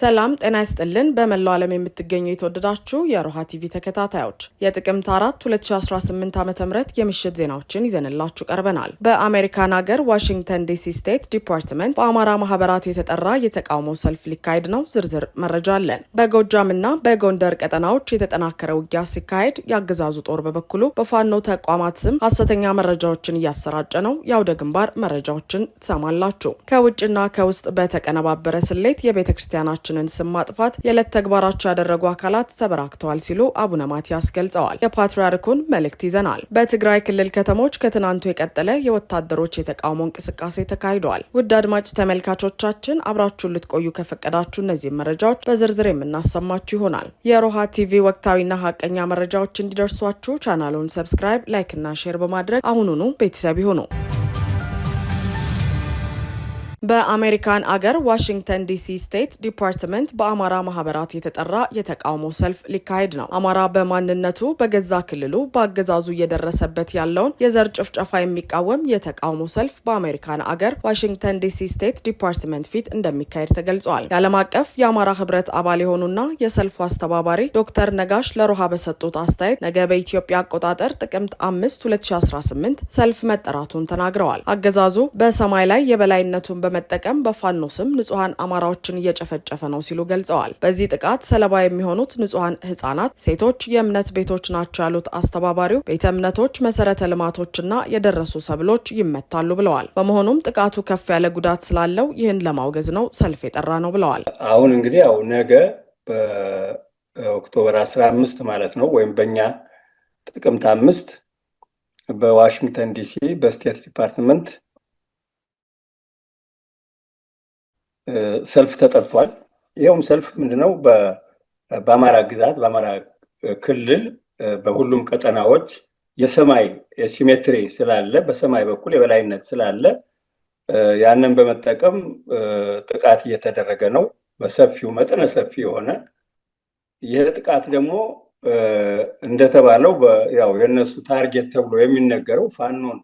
ሰላም ጤና ይስጥልን። በመላው ዓለም የምትገኙ የተወደዳችሁ የሮሃ ቲቪ ተከታታዮች የጥቅምት አራት 2018 ዓ ም የምሽት ዜናዎችን ይዘንላችሁ ቀርበናል። በአሜሪካን ሀገር ዋሽንግተን ዲሲ ስቴት ዲፓርትመንት በአማራ ማህበራት የተጠራ የተቃውሞ ሰልፍ ሊካሄድ ነው። ዝርዝር መረጃ አለን። በጎጃምና በጎንደር ቀጠናዎች የተጠናከረ ውጊያ ሲካሄድ፣ የአገዛዙ ጦር በበኩሉ በፋኖ ተቋማት ስም ሀሰተኛ መረጃዎችን እያሰራጨ ነው። የአውደ ግንባር መረጃዎችን ትሰማላችሁ። ከውጭና ከውስጥ በተቀነባበረ ስሌት የቤተ ክርስቲያናቸው ሀገራችንን ስም ማጥፋት የዕለት ተግባራቸው ያደረጉ አካላት ተበራክተዋል ሲሉ አቡነ ማቲያስ ገልጸዋል። የፓትርያርኩን መልእክት ይዘናል። በትግራይ ክልል ከተሞች ከትናንቱ የቀጠለ የወታደሮች የተቃውሞ እንቅስቃሴ ተካሂደዋል። ውድ አድማጭ ተመልካቾቻችን አብራችሁን ልትቆዩ ከፈቀዳችሁ እነዚህ መረጃዎች በዝርዝር የምናሰማችሁ ይሆናል። የሮሃ ቲቪ ወቅታዊና ሀቀኛ መረጃዎች እንዲደርሷችሁ ቻናሉን ሰብስክራይብ፣ ላይክና ሼር በማድረግ አሁኑኑ ቤተሰብ ይሁኑ። በአሜሪካን አገር ዋሽንግተን ዲሲ ስቴት ዲፓርትመንት በአማራ ማህበራት የተጠራ የተቃውሞ ሰልፍ ሊካሄድ ነው። አማራ በማንነቱ በገዛ ክልሉ በአገዛዙ እየደረሰበት ያለውን የዘር ጭፍጨፋ የሚቃወም የተቃውሞ ሰልፍ በአሜሪካን አገር ዋሽንግተን ዲሲ ስቴት ዲፓርትመንት ፊት እንደሚካሄድ ተገልጿል። የዓለም አቀፍ የአማራ ህብረት አባል የሆኑና የሰልፉ አስተባባሪ ዶክተር ነጋሽ ለሮሃ በሰጡት አስተያየት ነገ በኢትዮጵያ አቆጣጠር ጥቅምት አምስት 2018 ሰልፍ መጠራቱን ተናግረዋል። አገዛዙ በሰማይ ላይ የበላይነቱን በመጠቀም በፋኖ ስም ንጹሐን አማራዎችን እየጨፈጨፈ ነው ሲሉ ገልጸዋል። በዚህ ጥቃት ሰለባ የሚሆኑት ንጹሐን ህጻናት፣ ሴቶች፣ የእምነት ቤቶች ናቸው ያሉት አስተባባሪው ቤተ እምነቶች፣ መሰረተ ልማቶችና የደረሱ ሰብሎች ይመታሉ ብለዋል። በመሆኑም ጥቃቱ ከፍ ያለ ጉዳት ስላለው ይህን ለማውገዝ ነው ሰልፍ የጠራ ነው ብለዋል። አሁን እንግዲህ ያው ነገ በኦክቶበር አስራ አምስት ማለት ነው ወይም በእኛ ጥቅምት አምስት በዋሽንግተን ዲሲ በስቴት ዲፓርትመንት ሰልፍ ተጠርቷል። ይኸውም ሰልፍ ምንድነው? በአማራ ግዛት በአማራ ክልል በሁሉም ቀጠናዎች የሰማይ ሲሜትሪ ስላለ በሰማይ በኩል የበላይነት ስላለ ያንን በመጠቀም ጥቃት እየተደረገ ነው በሰፊው መጠነ ሰፊ የሆነ ይህ ጥቃት ደግሞ እንደተባለው ያው የእነሱ ታርጌት ተብሎ የሚነገረው ፋኖን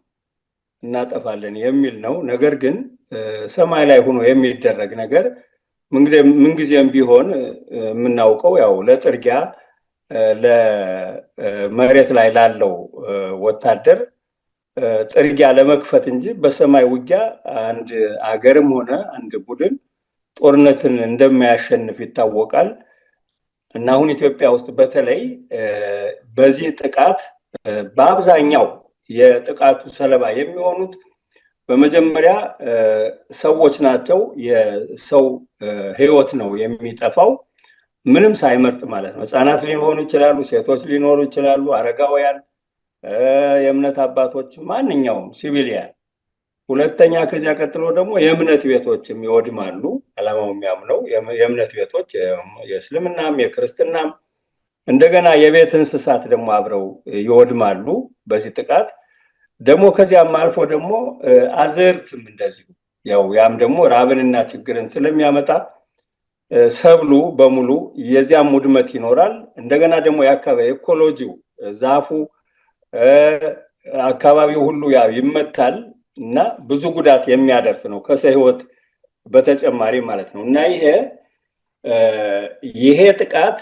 እናጠፋለን የሚል ነው። ነገር ግን ሰማይ ላይ ሆኖ የሚደረግ ነገር ምንጊዜም ቢሆን የምናውቀው ያው ለጥርጊያ ለመሬት ላይ ላለው ወታደር ጥርጊያ ለመክፈት እንጂ በሰማይ ውጊያ አንድ አገርም ሆነ አንድ ቡድን ጦርነትን እንደማያሸንፍ ይታወቃል እና አሁን ኢትዮጵያ ውስጥ በተለይ በዚህ ጥቃት በአብዛኛው የጥቃቱ ሰለባ የሚሆኑት በመጀመሪያ ሰዎች ናቸው። የሰው ህይወት ነው የሚጠፋው ምንም ሳይመርጥ ማለት ነው። ህፃናት ሊሆኑ ይችላሉ፣ ሴቶች ሊኖሩ ይችላሉ፣ አረጋውያን፣ የእምነት አባቶች፣ ማንኛውም ሲቪሊያን። ሁለተኛ ከዚያ ቀጥሎ ደግሞ የእምነት ቤቶችም ይወድማሉ። ዓላማው የሚያምነው የእምነት ቤቶች የእስልምናም የክርስትናም እንደገና የቤት እንስሳት ደግሞ አብረው ይወድማሉ በዚህ ጥቃት ደግሞ ከዚያም አልፎ ደግሞ አዘርትም እንደዚሁ ያው ያም ደግሞ ራብንና ችግርን ስለሚያመጣ ሰብሉ በሙሉ የዚያም ውድመት ይኖራል። እንደገና ደግሞ የአካባቢ ኢኮሎጂው ዛፉ አካባቢው ሁሉ ያው ይመታል እና ብዙ ጉዳት የሚያደርስ ነው ከሰው በተጨማሪ ማለት ነው እና ይሄ ይሄ ጥቃት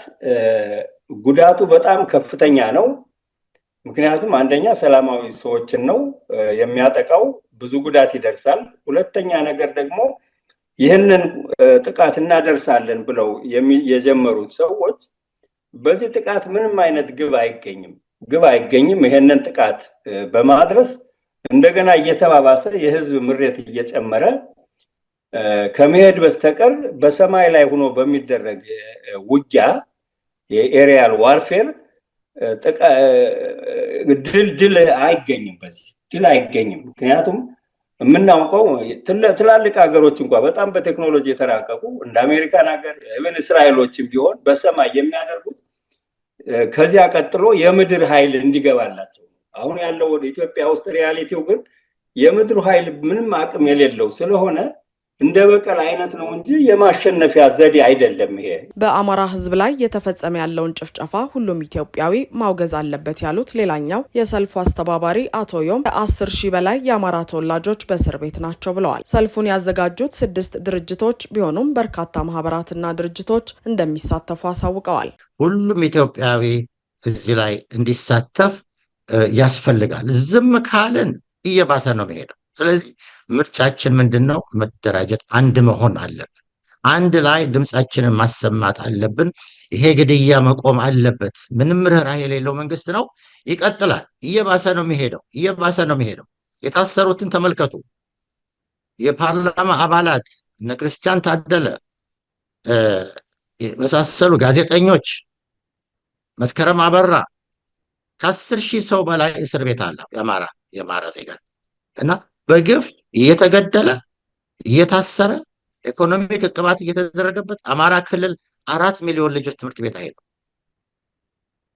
ጉዳቱ በጣም ከፍተኛ ነው። ምክንያቱም አንደኛ ሰላማዊ ሰዎችን ነው የሚያጠቃው፣ ብዙ ጉዳት ይደርሳል። ሁለተኛ ነገር ደግሞ ይህንን ጥቃት እናደርሳለን ብለው የጀመሩት ሰዎች በዚህ ጥቃት ምንም አይነት ግብ አይገኝም ግብ አይገኝም። ይህንን ጥቃት በማድረስ እንደገና እየተባባሰ የህዝብ ምሬት እየጨመረ ከመሄድ በስተቀር በሰማይ ላይ ሆኖ በሚደረግ ውጊያ የኤሪያል ዋርፌር ድል ድል አይገኝም። በዚህ ድል አይገኝም። ምክንያቱም የምናውቀው ትላልቅ ሀገሮች እንኳ በጣም በቴክኖሎጂ የተራቀቁ እንደ አሜሪካን ሀገር ኢቨን እስራኤሎችም ቢሆን በሰማይ የሚያደርጉት ከዚያ ቀጥሎ የምድር ኃይል እንዲገባላቸው አሁን ያለው ወደ ኢትዮጵያ ውስጥ ሪያሊቲው ግን የምድሩ ኃይል ምንም አቅም የሌለው ስለሆነ እንደ በቀል አይነት ነው እንጂ የማሸነፊያ ዘዴ አይደለም። ይሄ በአማራ ህዝብ ላይ የተፈጸመ ያለውን ጭፍጨፋ ሁሉም ኢትዮጵያዊ ማውገዝ አለበት ያሉት ሌላኛው የሰልፉ አስተባባሪ አቶ ዮም ከአስር ሺህ በላይ የአማራ ተወላጆች በእስር ቤት ናቸው ብለዋል። ሰልፉን ያዘጋጁት ስድስት ድርጅቶች ቢሆኑም በርካታ ማህበራትና ድርጅቶች እንደሚሳተፉ አሳውቀዋል። ሁሉም ኢትዮጵያዊ እዚህ ላይ እንዲሳተፍ ያስፈልጋል። ዝም ካለን እየባሰ ነው መሄደው። ስለዚህ ምርጫችን ምንድን ነው? መደራጀት፣ አንድ መሆን አለብን። አንድ ላይ ድምፃችንን ማሰማት አለብን። ይሄ ግድያ መቆም አለበት። ምንም ርኅራኄ የሌለው መንግስት ነው። ይቀጥላል። እየባሰ ነው የሚሄደው፣ እየባሰ ነው የሚሄደው። የታሰሩትን ተመልከቱ። የፓርላማ አባላት እነ ክርስቲያን ታደለ የመሳሰሉ ጋዜጠኞች፣ መስከረም አበራ ከአስር ሺህ ሰው በላይ እስር ቤት አለ የአማራ ዜጋ እና በግፍ እየተገደለ እየታሰረ ኢኮኖሚክ እቅባት እየተደረገበት አማራ ክልል አራት ሚሊዮን ልጆች ትምህርት ቤት አይሄዱ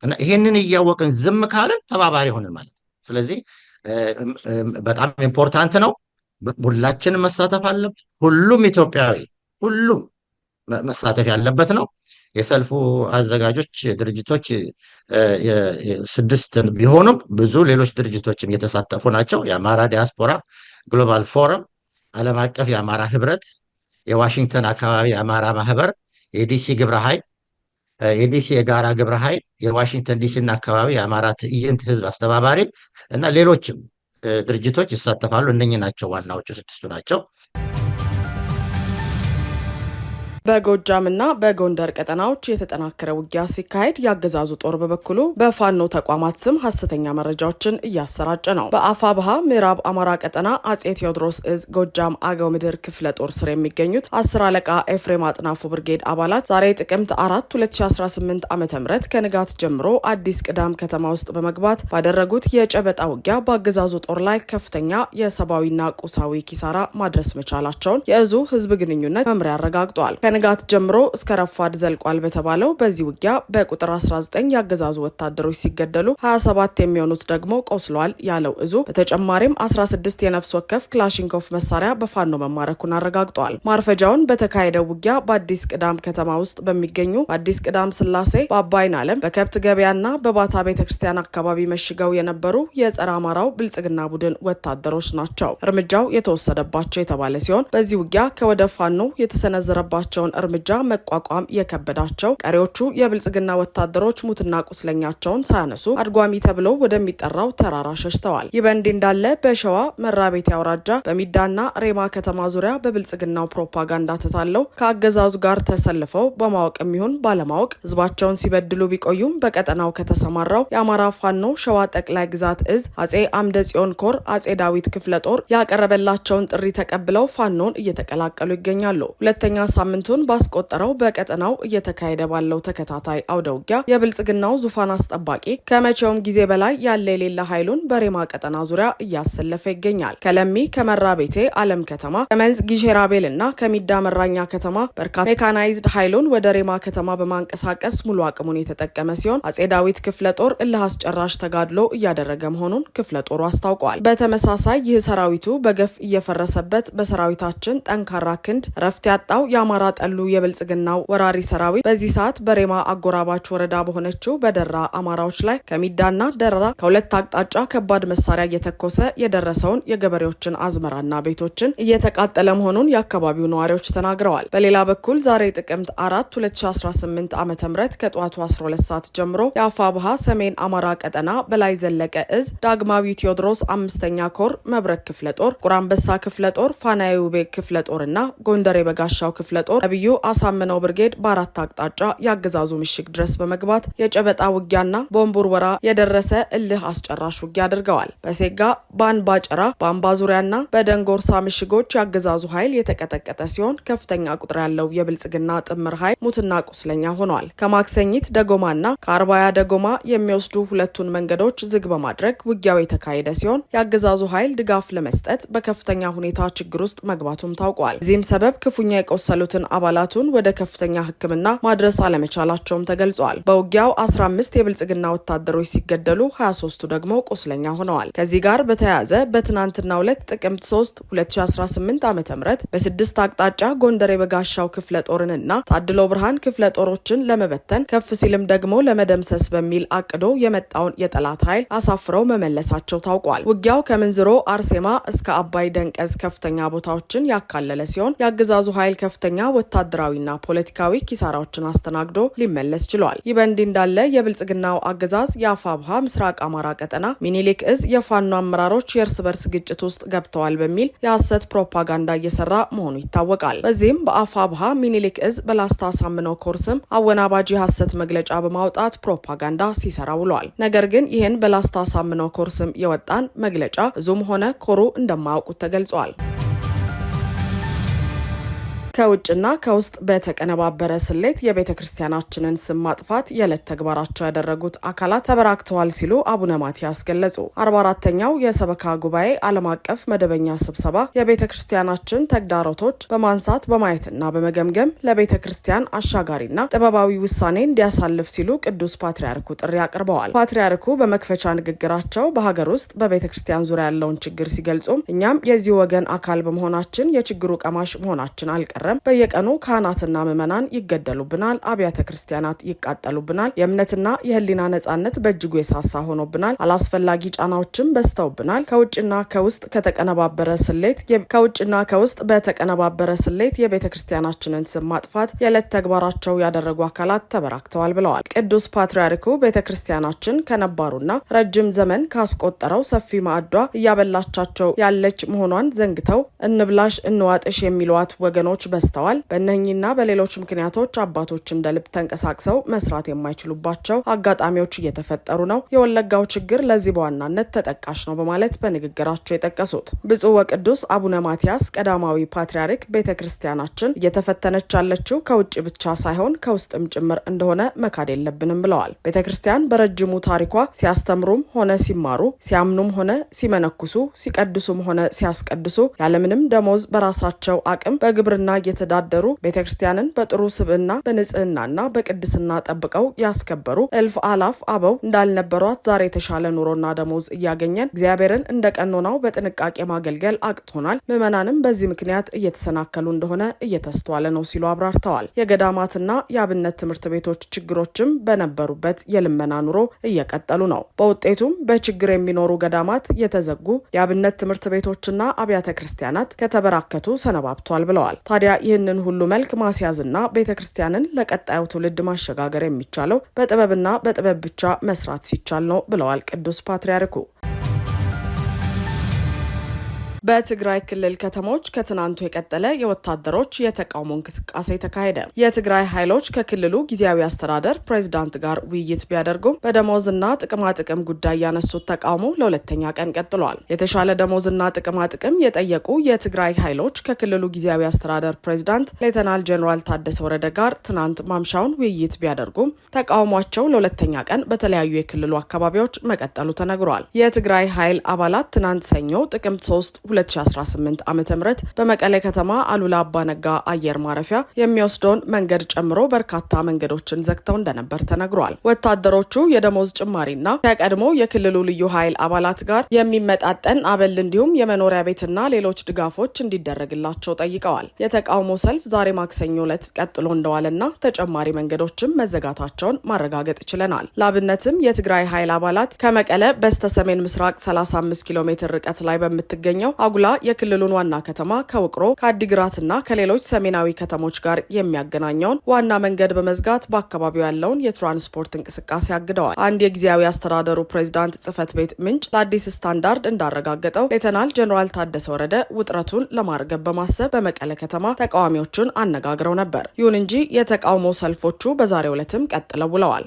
እና ይህንን እያወቅን ዝም ካለ ተባባሪ ሆንን ማለት ነው። ስለዚህ በጣም ኢምፖርታንት ነው። ሁላችንም መሳተፍ አለብን። ሁሉም ኢትዮጵያዊ ሁሉም መሳተፍ ያለበት ነው። የሰልፉ አዘጋጆች ድርጅቶች ስድስት ቢሆኑም ብዙ ሌሎች ድርጅቶችም የተሳተፉ ናቸው። የአማራ ዲያስፖራ ግሎባል ፎረም፣ ዓለም አቀፍ የአማራ ህብረት፣ የዋሽንግተን አካባቢ የአማራ ማህበር፣ የዲሲ ግብረ ኃይል የዲሲ የጋራ ግብረ ኃይል፣ የዋሽንግተን ዲሲ አካባቢ የአማራ ትዕይንት ህዝብ አስተባባሪ እና ሌሎችም ድርጅቶች ይሳተፋሉ። እነኚህ ናቸው ዋናዎቹ ስድስቱ ናቸው። በጎጃምና በጎንደር ቀጠናዎች የተጠናከረ ውጊያ ሲካሄድ የአገዛዙ ጦር በበኩሉ በፋኖ ተቋማት ስም ሀሰተኛ መረጃዎችን እያሰራጨ ነው። በአፋ ባሃ ምዕራብ አማራ ቀጠና አጼ ቴዎድሮስ እዝ ጎጃም አገው ምድር ክፍለ ጦር ስር የሚገኙት አስር አለቃ ኤፍሬም አጥናፉ ብርጌድ አባላት ዛሬ ጥቅምት አራት 2018 ዓ ም ከንጋት ጀምሮ አዲስ ቅዳም ከተማ ውስጥ በመግባት ባደረጉት የጨበጣ ውጊያ በአገዛዙ ጦር ላይ ከፍተኛ የሰብአዊና ቁሳዊ ኪሳራ ማድረስ መቻላቸውን የእዙ ህዝብ ግንኙነት መምሪያ አረጋግጧል። ከንጋት ጀምሮ እስከ ረፋድ ዘልቋል በተባለው በዚህ ውጊያ በቁጥር 19 የአገዛዙ ወታደሮች ሲገደሉ 27 የሚሆኑት ደግሞ ቆስለዋል ያለው እዙ በተጨማሪም 16 የነፍስ ወከፍ ክላሽንኮፍ መሳሪያ በፋኖ መማረኩን አረጋግጧል። ማርፈጃውን በተካሄደው ውጊያ በአዲስ ቅዳም ከተማ ውስጥ በሚገኙ በአዲስ ቅዳም ስላሴ፣ በአባይን አለም፣ በከብት ገበያና በባታ ቤተክርስቲያን አካባቢ መሽገው የነበሩ የጸረ አማራው ብልጽግና ቡድን ወታደሮች ናቸው እርምጃው የተወሰደባቸው የተባለ ሲሆን በዚህ ውጊያ ከወደ ፋኖ የተሰነዘረባቸው የወሰደውን እርምጃ መቋቋም የከበዳቸው ቀሪዎቹ የብልጽግና ወታደሮች ሙትና ቁስለኛቸውን ሳያነሱ አድጓሚ ተብሎ ወደሚጠራው ተራራ ሸሽተዋል። ይህ በእንዲህ እንዳለ በሸዋ መራቤቴ አውራጃ በሚዳና ሬማ ከተማ ዙሪያ በብልጽግናው ፕሮፓጋንዳ ተታለው ከአገዛዙ ጋር ተሰልፈው በማወቅ የሚሆን ባለማወቅ ህዝባቸውን ሲበድሉ ቢቆዩም በቀጠናው ከተሰማራው የአማራ ፋኖ ሸዋ ጠቅላይ ግዛት እዝ አጼ አምደ ጽዮን ኮር አጼ ዳዊት ክፍለ ጦር ያቀረበላቸውን ጥሪ ተቀብለው ፋኖን እየተቀላቀሉ ይገኛሉ። ሁለተኛ ሳምንቱ ዓመቱን ባስቆጠረው በቀጠናው እየተካሄደ ባለው ተከታታይ አውደውጊያ የብልጽግናው ዙፋን አስጠባቂ ከመቼውም ጊዜ በላይ ያለ የሌለ ኃይሉን በሬማ ቀጠና ዙሪያ እያሰለፈ ይገኛል። ከለሚ ከመራ ቤቴ አለም ከተማ ከመንዝ ጊሼራቤል እና ከሚዳ መራኛ ከተማ በርካታ ሜካናይዝድ ኃይሉን ወደ ሬማ ከተማ በማንቀሳቀስ ሙሉ አቅሙን የተጠቀመ ሲሆን አጼ ዳዊት ክፍለ ጦር እልህ አስጨራሽ ተጋድሎ እያደረገ መሆኑን ክፍለ ጦሩ አስታውቋል። በተመሳሳይ ይህ ሰራዊቱ በገፍ እየፈረሰበት በሰራዊታችን ጠንካራ ክንድ ረፍት ያጣው የአማራ የተቀላቀሉ የብልጽግናው ወራሪ ሰራዊት በዚህ ሰዓት በሬማ አጎራባች ወረዳ በሆነችው በደራ አማራዎች ላይ ከሚዳና ደራ ከሁለት አቅጣጫ ከባድ መሳሪያ እየተኮሰ የደረሰውን የገበሬዎችን አዝመራና ቤቶችን እየተቃጠለ መሆኑን የአካባቢው ነዋሪዎች ተናግረዋል። በሌላ በኩል ዛሬ ጥቅምት አራት 2018 ዓ ም ከጠዋቱ 12 ሰዓት ጀምሮ የአፋ ብሃ ሰሜን አማራ ቀጠና በላይ ዘለቀ እዝ ዳግማዊ ቴዎድሮስ አምስተኛ ኮር መብረክ ክፍለ ጦር፣ ቁራንበሳ ክፍለ ጦር፣ ፋናዩቤ ክፍለ ጦር እና ጎንደር የበጋሻው ክፍለ ጦር ነቢዩ አሳምነው ብርጌድ በአራት አቅጣጫ የአገዛዙ ምሽግ ድረስ በመግባት የጨበጣ ውጊያና ቦምብ ውርወራ የደረሰ እልህ አስጨራሽ ውጊያ አድርገዋል። በሴጋ በአንባ በአምባ ዙሪያና በደንጎርሳ ምሽጎች የአገዛዙ ኃይል የተቀጠቀጠ ሲሆን ከፍተኛ ቁጥር ያለው የብልጽግና ጥምር ኃይል ሙትና ቁስለኛ ሆኗል። ከማክሰኝት ደጎማና ከአርባያ ደጎማ የሚወስዱ ሁለቱን መንገዶች ዝግ በማድረግ ውጊያው የተካሄደ ሲሆን የአገዛዙ ኃይል ድጋፍ ለመስጠት በከፍተኛ ሁኔታ ችግር ውስጥ መግባቱም ታውቋል። እዚህም ሰበብ ክፉኛ የቆሰሉትን አባላቱን ወደ ከፍተኛ ሕክምና ማድረስ አለመቻላቸውም ተገልጿል። በውጊያው 15 የብልጽግና ወታደሮች ሲገደሉ 23ቱ ደግሞ ቁስለኛ ሆነዋል። ከዚህ ጋር በተያያዘ በትናንትናው ዕለት ጥቅምት 3 2018 ዓ ም በስድስት አቅጣጫ ጎንደር የበጋሻው ክፍለ ጦርንና ታድሎ ብርሃን ክፍለ ጦሮችን ለመበተን ከፍ ሲልም ደግሞ ለመደምሰስ በሚል አቅዶ የመጣውን የጠላት ኃይል አሳፍረው መመለሳቸው ታውቋል። ውጊያው ከምንዝሮ አርሴማ እስከ አባይ ደንቀዝ ከፍተኛ ቦታዎችን ያካለለ ሲሆን የአገዛዙ ኃይል ከፍተኛ ወታደራዊና ፖለቲካዊ ኪሳራዎችን አስተናግዶ ሊመለስ ችሏል። ይህ በእንዲህ እንዳለ የብልጽግናው አገዛዝ የአፋብሃ ምስራቅ አማራ ቀጠና ሚኒሊክ እዝ የፋኖ አመራሮች የእርስ በርስ ግጭት ውስጥ ገብተዋል በሚል የሐሰት ፕሮፓጋንዳ እየሰራ መሆኑ ይታወቃል። በዚህም በአፋብሃ ሚኒሊክ እዝ በላስታ ሳምነው ኮርስም አወናባጅ የሐሰት መግለጫ በማውጣት ፕሮፓጋንዳ ሲሰራ ውሏል። ነገር ግን ይህን በላስታ ሳምነው ኮርስም የወጣን መግለጫ ብዙም ሆነ ኮሩ እንደማያውቁት ተገልጿል። ከውጭና ከውስጥ በተቀነባበረ ስሌት የቤተ ክርስቲያናችንን ስም ማጥፋት የዕለት ተግባራቸው ያደረጉት አካላት ተበራክተዋል ሲሉ አቡነ ማቲያስ ገለጹ። አርባ አራተኛው የሰበካ ጉባኤ ዓለም አቀፍ መደበኛ ስብሰባ የቤተ ክርስቲያናችን ተግዳሮቶች በማንሳት በማየትና በመገምገም ለቤተ ክርስቲያን አሻጋሪና ጥበባዊ ውሳኔ እንዲያሳልፍ ሲሉ ቅዱስ ፓትርያርኩ ጥሪ አቅርበዋል። ፓትርያርኩ በመክፈቻ ንግግራቸው በሀገር ውስጥ በቤተ ክርስቲያን ዙሪያ ያለውን ችግር ሲገልጹም እኛም የዚህ ወገን አካል በመሆናችን የችግሩ ቀማሽ መሆናችን አልቀረ ካልተፈረም በየቀኑ ካህናትና ምዕመናን ይገደሉብናል፣ አብያተ ክርስቲያናት ይቃጠሉብናል፣ የእምነትና የህሊና ነጻነት በእጅጉ የሳሳ ሆኖብናል፣ አላስፈላጊ ጫናዎችም በዝተውብናል። ከውጭና ከውስጥ ከተቀነባበረ ስሌት ከውጭና ከውስጥ በተቀነባበረ ስሌት የቤተ ክርስቲያናችንን ስም ማጥፋት የዕለት ተግባራቸው ያደረጉ አካላት ተበራክተዋል ብለዋል። ቅዱስ ፓትርያርኩ ቤተ ክርስቲያናችን ከነባሩና ረጅም ዘመን ካስቆጠረው ሰፊ ማዕዷ እያበላቻቸው ያለች መሆኗን ዘንግተው እንብላሽ እንዋጥሽ የሚለዋት ወገኖች በዝተዋል። በእነኚህና በሌሎች ምክንያቶች አባቶች እንደ ልብ ተንቀሳቅሰው መስራት የማይችሉባቸው አጋጣሚዎች እየተፈጠሩ ነው። የወለጋው ችግር ለዚህ በዋናነት ተጠቃሽ ነው በማለት በንግግራቸው የጠቀሱት ብፁዕ ወቅዱስ አቡነ ማትያስ ቀዳማዊ ፓትርያርክ ቤተ ክርስቲያናችን እየተፈተነች ያለችው ከውጭ ብቻ ሳይሆን ከውስጥም ጭምር እንደሆነ መካድ የለብንም ብለዋል። ቤተ ክርስቲያን በረጅሙ ታሪኳ ሲያስተምሩም ሆነ ሲማሩ፣ ሲያምኑም ሆነ ሲመነኩሱ፣ ሲቀድሱም ሆነ ሲያስቀድሱ ያለምንም ደሞዝ በራሳቸው አቅም በግብርና እየተዳደሩ ቤተ ክርስቲያንን በጥሩ ስብዕና በንጽህናና በቅድስና ጠብቀው ያስከበሩ እልፍ አላፍ አበው እንዳልነበሯት ዛሬ የተሻለ ኑሮና ደሞዝ እያገኘን እግዚአብሔርን እንደ ቀኖናው በጥንቃቄ ማገልገል አቅቶናል። ምዕመናንም በዚህ ምክንያት እየተሰናከሉ እንደሆነ እየተስተዋለ ነው ሲሉ አብራርተዋል። የገዳማትና የአብነት ትምህርት ቤቶች ችግሮችም በነበሩበት የልመና ኑሮ እየቀጠሉ ነው። በውጤቱም በችግር የሚኖሩ ገዳማት የተዘጉ የአብነት ትምህርት ቤቶችና አብያተ ክርስቲያናት ከተበራከቱ ሰነባብቷል ብለዋል። ታዲያ ይህንን ሁሉ መልክ ማስያዝና ቤተ ክርስቲያንን ለቀጣዩ ትውልድ ማሸጋገር የሚቻለው በጥበብና በጥበብ ብቻ መስራት ሲቻል ነው ብለዋል ቅዱስ ፓትርያርኩ። በትግራይ ክልል ከተሞች ከትናንቱ የቀጠለ የወታደሮች የተቃውሞ እንቅስቃሴ ተካሄደ። የትግራይ ኃይሎች ከክልሉ ጊዜያዊ አስተዳደር ፕሬዚዳንት ጋር ውይይት ቢያደርጉም በደሞዝና ጥቅማጥቅም ጉዳይ ያነሱት ተቃውሞ ለሁለተኛ ቀን ቀጥሏል። የተሻለ ደሞዝና ጥቅማጥቅም የጠየቁ የትግራይ ኃይሎች ከክልሉ ጊዜያዊ አስተዳደር ፕሬዚዳንት ሌተናል ጄኔራል ታደሰ ወረደ ጋር ትናንት ማምሻውን ውይይት ቢያደርጉም ተቃውሟቸው ለሁለተኛ ቀን በተለያዩ የክልሉ አካባቢዎች መቀጠሉ ተነግሯል። የትግራይ ኃይል አባላት ትናንት ሰኞ ጥቅምት 3 2018 ዓ ም በመቀሌ ከተማ አሉላ አባነጋ አየር ማረፊያ የሚወስደውን መንገድ ጨምሮ በርካታ መንገዶችን ዘግተው እንደነበር ተነግሯል። ወታደሮቹ የደሞዝ ጭማሪና ከቀድሞ የክልሉ ልዩ ኃይል አባላት ጋር የሚመጣጠን አበል እንዲሁም የመኖሪያ ቤትና ሌሎች ድጋፎች እንዲደረግላቸው ጠይቀዋል። የተቃውሞ ሰልፍ ዛሬ ማክሰኞ ዕለት ቀጥሎ እንደዋለና ተጨማሪ መንገዶችም መዘጋታቸውን ማረጋገጥ ችለናል። ላብነትም የትግራይ ኃይል አባላት ከመቀለ በስተሰሜን ምስራቅ 35 ኪሎ ሜትር ርቀት ላይ በምትገኘው አጉላ የክልሉን ዋና ከተማ ከውቅሮ ከአዲግራትና ከሌሎች ሰሜናዊ ከተሞች ጋር የሚያገናኘውን ዋና መንገድ በመዝጋት በአካባቢው ያለውን የትራንስፖርት እንቅስቃሴ አግደዋል። አንድ የጊዜያዊ አስተዳደሩ ፕሬዚዳንት ጽህፈት ቤት ምንጭ ለአዲስ ስታንዳርድ እንዳረጋገጠው ሌተናል ጀኔራል ታደሰ ወረደ ውጥረቱን ለማርገብ በማሰብ በመቀለ ከተማ ተቃዋሚዎቹን አነጋግረው ነበር። ይሁን እንጂ የተቃውሞ ሰልፎቹ በዛሬው ዕለትም ቀጥለው ውለዋል።